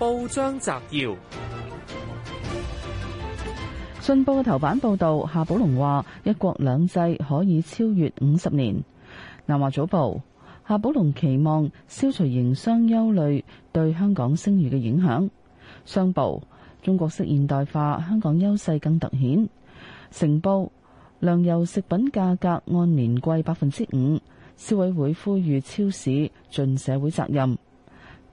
報章摘要：《信報》嘅頭版報道，夏寶龍話一國兩制可以超越五十年。《南華早報》夏寶龍期望消除營商憂慮對香港聲譽嘅影響。《商報》中國式現代化，香港優勢更凸顯。《成報》糧油食品價格按年貴百分之五。消委會呼籲超市盡社會責任。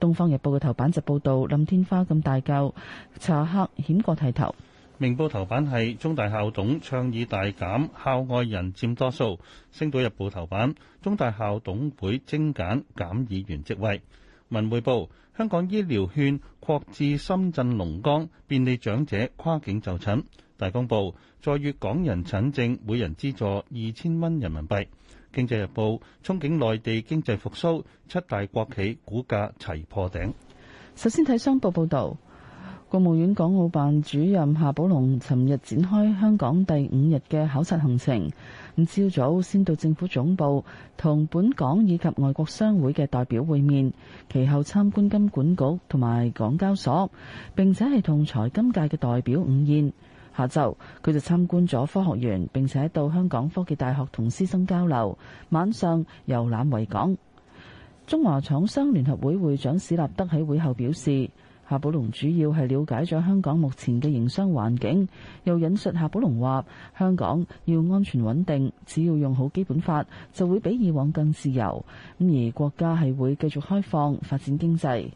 《東方日報》嘅頭版就報道，冧天花咁大舊，茶客險過剃頭。《明報》頭版係中大校董倡議大減，校外人佔多數。《星島日報》頭版，中大校董會精簡減議員職位。《文匯報》香港醫療券擴至深圳龍崗，便利長者跨境就診。《大公報》在粵港人診症，每人資助二千蚊人民幣。經濟日報憧憬內地經濟復甦，七大國企股價齊破頂。首先睇商報報道，國務院港澳辦主任夏寶龍尋日展開香港第五日嘅考察行程。咁朝早先到政府總部同本港以及外國商會嘅代表會面，其後參觀金管局同埋港交所，並且係同財金界嘅代表午宴。下晝，佢就參觀咗科學園，並且到香港科技大學同師生交流。晚上遊覽維港。中華廠商聯合會會長史立德喺會後表示，夏寶龍主要係了解咗香港目前嘅營商環境。又引述夏寶龍話：香港要安全穩定，只要用好基本法，就會比以往更自由。咁而國家係會繼續開放發展經濟。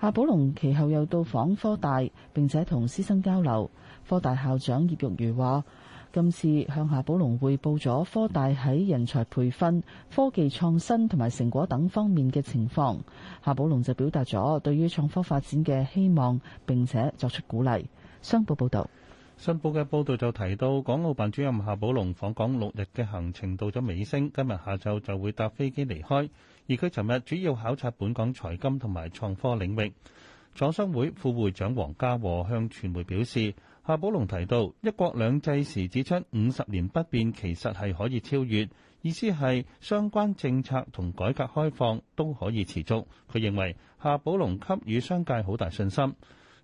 夏寶龍其後又到訪科大，並且同師生交流。科大校長葉玉如話：今次向夏寶龍匯報咗科大喺人才培訓、科技創新同埋成果等方面嘅情況。夏寶龍就表達咗對於創科發展嘅希望，並且作出鼓勵。商報報道。新報嘅報導就提到，港澳辦主任夏寶龍訪港六日嘅行程到咗尾聲，今日下晝就會搭飛機離開。而佢尋日主要考察本港財金同埋創科領域。廠商會副會長黃家和向傳媒表示，夏寶龍提到一國兩制時指出，五十年不變其實係可以超越，意思係相關政策同改革開放都可以持續。佢認為夏寶龍給予商界好大信心。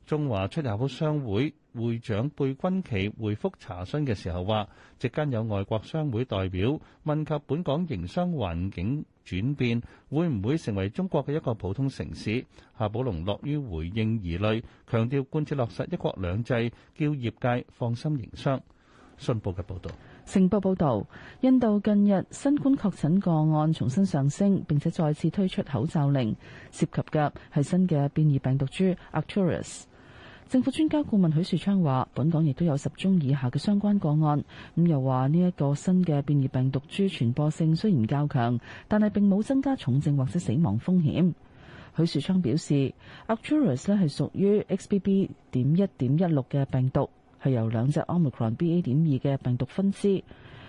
中華出入口商會。會長貝君奇回覆查詢嘅時候話，席間有外國商會代表問及本港營商環境轉變會唔會成為中國嘅一個普通城市，夏寶龍樂於回應疑慮，強調貫徹落實一國兩制，叫業界放心營商。信報嘅報道，成報報道，印度近日新冠確診個案重新上升，並且再次推出口罩令，涉及嘅係新嘅變異病毒株 Arcturus 政府專家顧問許樹昌話：本港亦都有十宗以下嘅相關個案。咁又話呢一個新嘅變異病毒株傳播性雖然較強，但係並冇增加重症或者死亡風險。許樹昌表示 Arcturus 咧係屬於 XBB.1.16 嘅病毒，係由兩隻 Omicron BA.2 嘅病毒分支。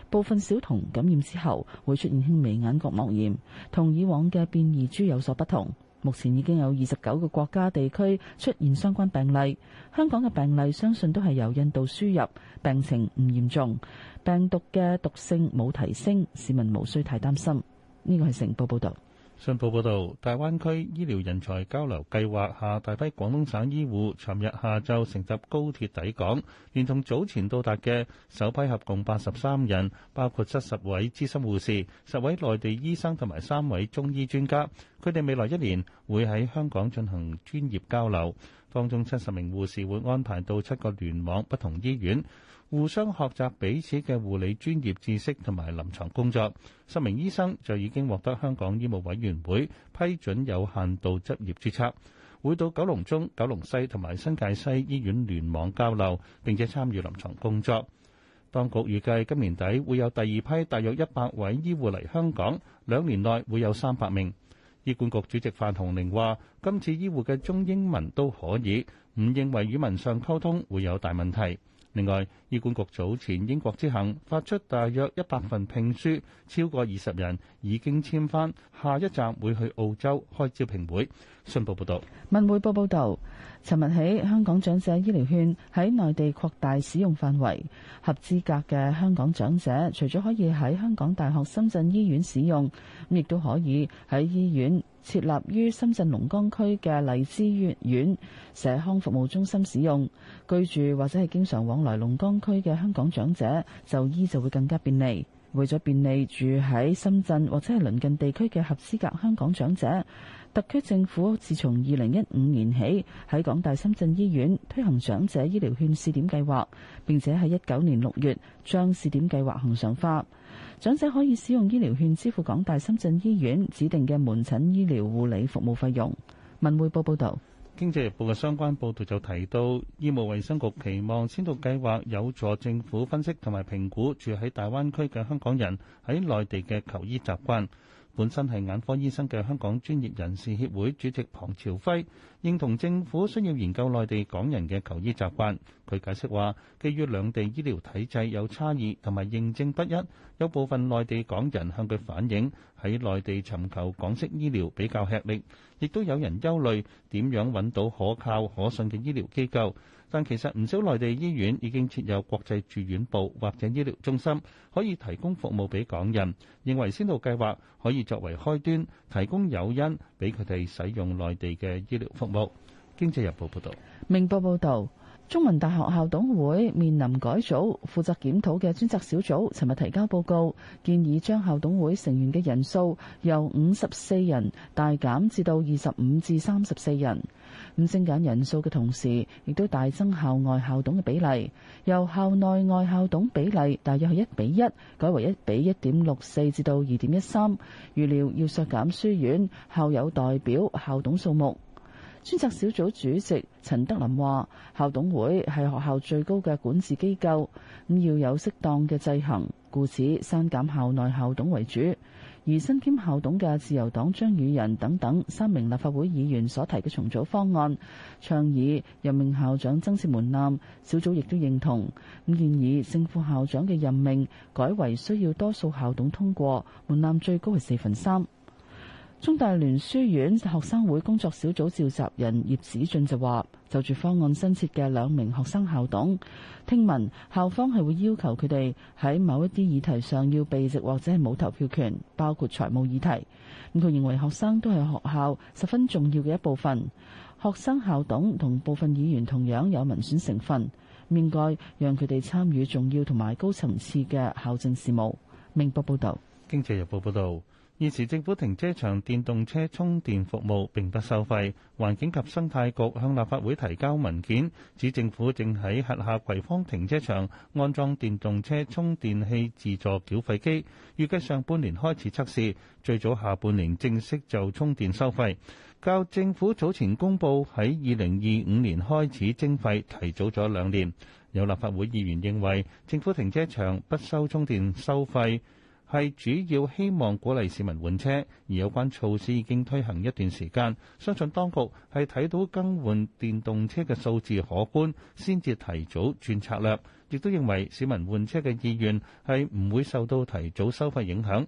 部分小童感染之後會出現輕微眼角膜炎，同以往嘅變異株有所不同。目前已經有二十九個國家地區出現相關病例，香港嘅病例相信都係由印度輸入，病情唔嚴重，病毒嘅毒性冇提升，市民無需太擔心。呢、這個係成報報，報報導。晨報報導，大灣區醫療人才交流計劃下，大批廣東省醫護尋日下晝乘搭高鐵抵港，連同早前到達嘅首批合共八十三人，包括七十位資深護士、十位內地醫生同埋三位中醫專家。佢哋未來一年會喺香港進行專業交流，當中七十名護士會安排到七個聯網不同醫院，互相學習彼此嘅護理專業知識同埋臨床工作。十名醫生就已經獲得香港醫務委員會批准有限度執業註冊，會到九龍中、九龍西同埋新界西醫院聯網交流，並且參與臨床工作。當局預計今年底會有第二批大約一百位醫護嚟香港，兩年內會有三百名。醫管局主席范鴻齡話，今次醫護嘅中英文都可以，唔認為語文上溝通會有大問題。另外，醫管局早前英國之行發出大約一百份聘書，超過二十人已經簽返，下一站會去澳洲開招聘會。信報報導。文匯報報導，尋日起香港長者醫療券喺內地擴大使用範圍，合資格嘅香港長者除咗可以喺香港大學深圳醫院使用，亦都可以喺醫院設立於深圳龍崗區嘅荔枝園院社康服務中心使用，居住或者係經常往來龍崗區嘅香港長者就醫就會更加便利。為咗便利住喺深圳或者係鄰近地區嘅合資格香港長者，特區政府自從二零一五年起喺港大深圳醫院推行長者醫療券試點計劃，並且喺一九年六月將試點計劃恆常化。長者可以使用醫療券支付港大深圳醫院指定嘅門診醫療護理服務費用。文匯報報道，經濟日報嘅相關報導就提到，醫務衛生局期望先導計劃有助政府分析同埋評估住喺大灣區嘅香港人喺內地嘅求醫習慣。本身係眼科醫生嘅香港專業人士協會主席龐朝輝認同政府需要研究內地港人嘅求醫習慣。佢解釋話，基於兩地醫療體制有差異同埋認證不一，有部分內地港人向佢反映，喺內地尋求港式醫療比較吃力，亦都有人憂慮點樣揾到可靠可信嘅醫療機構。但其實唔少內地醫院已經設有國際住院部或者醫療中心，可以提供服務俾港人。認為先導計劃可以作為開端，提供誘因俾佢哋使用內地嘅醫療服務。經濟日報報道，明報報道。中文大學校董會面臨改組，負責檢討嘅專責小組尋日提交報告，建議將校董會成員嘅人數由五十四人大減至到二十五至三十四人。咁精簡人數嘅同時，亦都大增校外校董嘅比例，由校內外校董比例大約係一比一，改為一比一點六四至到二點一三。預料要削減書院、校友代表、校董數目。專責小組主席陳德霖話：校董會係學校最高嘅管治機構，咁要有適當嘅制衡，故此刪減校內校董為主。而身兼校董嘅自由黨張宇人等等三名立法會議員所提嘅重組方案，倡議任命校長增設門檻，小組亦都認同。咁建議正副校長嘅任命改為需要多數校董通過，門檻最高係四分三。中大聯書院學生會工作小組召集人葉子俊就話：就住方案新設嘅兩名學生校董，聽聞校方係會要求佢哋喺某一啲議題上要避席或者係冇投票權，包括財務議題。咁佢認為學生都係學校十分重要嘅一部分，學生校董同部分議員同樣有民選成分，應該讓佢哋參與重要同埋高層次嘅校政事務。明報報道，經濟日報報道。現時政府停車場電動車充電服務並不收費。環境及生態局向立法會提交文件，指政府正喺轄下葵芳停車場安裝電動車充電器自助繳費機，預計上半年開始測試，最早下半年正式就充電收費。較政府早前公佈喺二零二五年開始徵費提早咗兩年。有立法會議員認為，政府停車場不收充電收費。係主要希望鼓勵市民換車，而有關措施已經推行一段時間，相信當局係睇到更換電動車嘅數字可觀，先至提早轉策略，亦都認為市民換車嘅意願係唔會受到提早收費影響。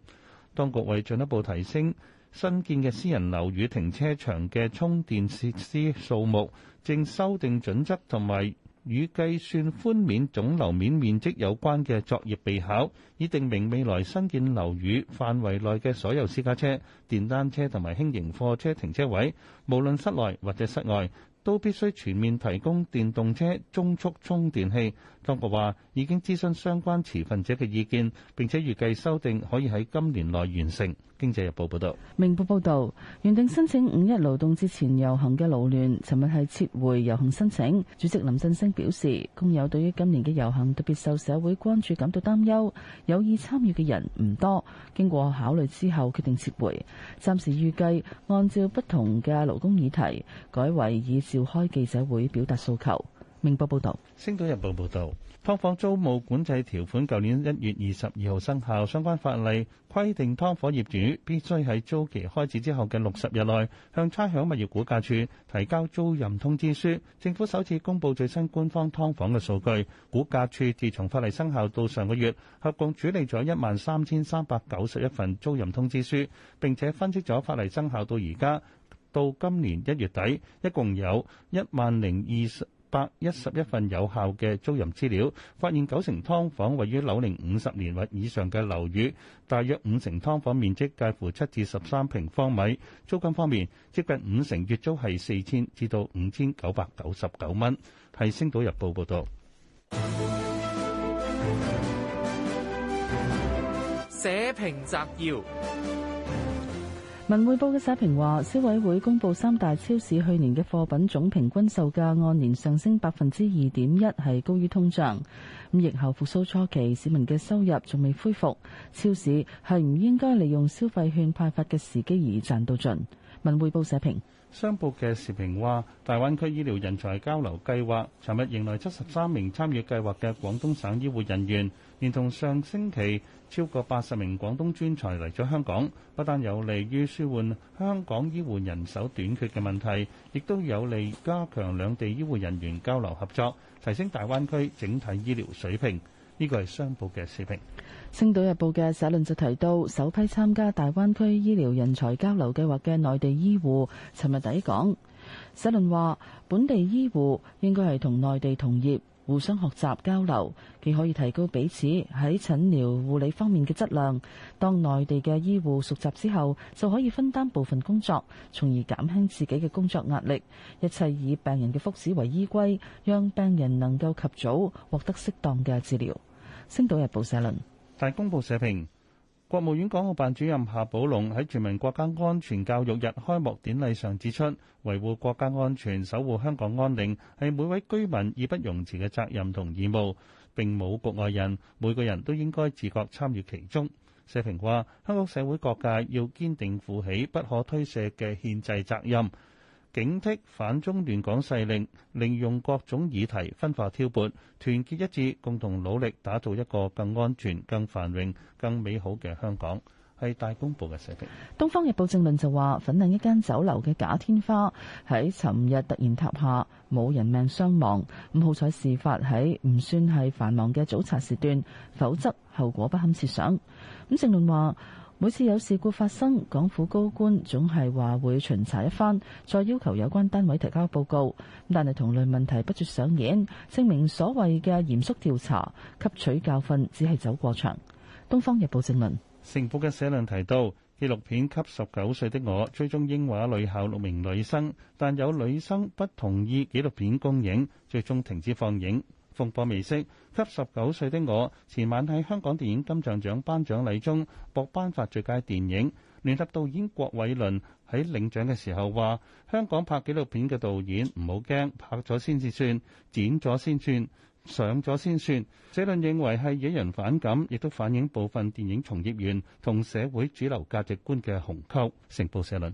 當局為進一步提升新建嘅私人樓宇停車場嘅充電設施數目，正修訂準則同埋與計算寬免總樓面面積有關嘅作業備考，以定明未來新建樓宇範圍內嘅所有私家車、電單車同埋輕型貨車停車位，無論室內或者室外。都必須全面提供電動車中速充電器。當局話已經諮詢相關持份者嘅意見，並且預計修訂可以喺今年內完成。經濟日報報道。明報報道，原定申請五一勞動節前遊行嘅勞亂尋日係撤回遊行申請。主席林振聲表示，工友對於今年嘅遊行特別受社會關注感到擔憂，有意參與嘅人唔多。經過考慮之後，決定撤回。暫時預計按照不同嘅勞工議題改為以開記者會表達訴求。明報報道，星島日報報道，劏房租務管制條款，舊年一月二十二號生效，相關法例規定，劏房業主必須喺租期開始之後嘅六十日內，向差餉物業估價署提交租賃通知書。政府首次公布最新官方劏房嘅數據，估價署自從法例生效到上個月，合共處理咗一萬三千三百九十一份租賃通知書，並且分析咗法例生效到而家。到今年一月底，一共有一萬零二百一十一份有效嘅租賃資料，發現九成劏房位於樓齡五十年或以上嘅樓宇，大約五成劏房面積介乎七至十三平方米。租金方面，接近五成月租係四千至到五千九百九十九蚊。係《星島日報》報道。社評摘要。文匯報嘅社評話，消委會公布三大超市去年嘅貨品總平均售價按年上升百分之二點一，係高於通脹。咁疫後復蘇初期，市民嘅收入仲未恢復，超市係唔應該利用消費券派發嘅時機而賺到盡。文匯報社評。商報嘅時評話，大灣區醫療人才交流計劃尋日迎來七十三名參與計劃嘅廣東省醫護人員，連同上星期超過八十名廣東專才嚟咗香港，不但有利於舒緩香港醫護人手短缺嘅問題，亦都有利加強兩地醫護人員交流合作，提升大灣區整體醫療水平。呢個係商報嘅視頻，《星島日報》嘅社論就提到，首批參加大灣區醫療人才交流計劃嘅內地醫護，尋日抵港。社論話，本地醫護應該係同內地同業。互相學習交流，既可以提高彼此喺診療護理方面嘅質量。當內地嘅醫護熟習之後，就可以分擔部分工作，從而減輕自己嘅工作壓力。一切以病人嘅福祉為依歸，讓病人能夠及早獲得適當嘅治療。星島日報社論。大公報社評，國務院港澳辦主任夏寶龍喺全民國家安全教育日開幕典禮上指出，維護國家安全、守護香港安寧係每位居民義不容辭嘅責任同義務，並冇局外人，每個人都應該自覺參與其中。社評話，香港社會各界要堅定負起不可推卸嘅憲制責任。警惕反中亂港勢力，利用各種議題分化挑撥，團結一致，共同努力，打造一個更安全、更繁榮、更美好嘅香港，係大公報嘅社評。《東方日報政論》就話：粉嶺一間酒樓嘅假天花喺尋日突然塌下，冇人命傷亡。咁好彩事發喺唔算係繁忙嘅早茶時段，否則後果不堪設想。咁政論話。每次有事故發生，港府高官總係話會巡查一番，再要求有關單位提交報告。但係同類問題不絕上演，證明所謂嘅嚴肅調查、吸取教訓，只係走過場。東方日報政文，成報嘅社論提到紀錄片《給十九歲的我》追蹤英華女校六名女生，但有女生不同意紀錄片公映，最終停止放映。風波未息，給十九歲的我前晚喺香港電影金像獎頒獎禮中博頒發最佳電影。聯合導演郭偉倫喺領獎嘅時候話：香港拍紀錄片嘅導演唔好驚，拍咗先至算，剪咗先算，上咗先算。社論認為係惹人反感，亦都反映部分電影從業員同社會主流價值觀嘅鴻溝。成報社論。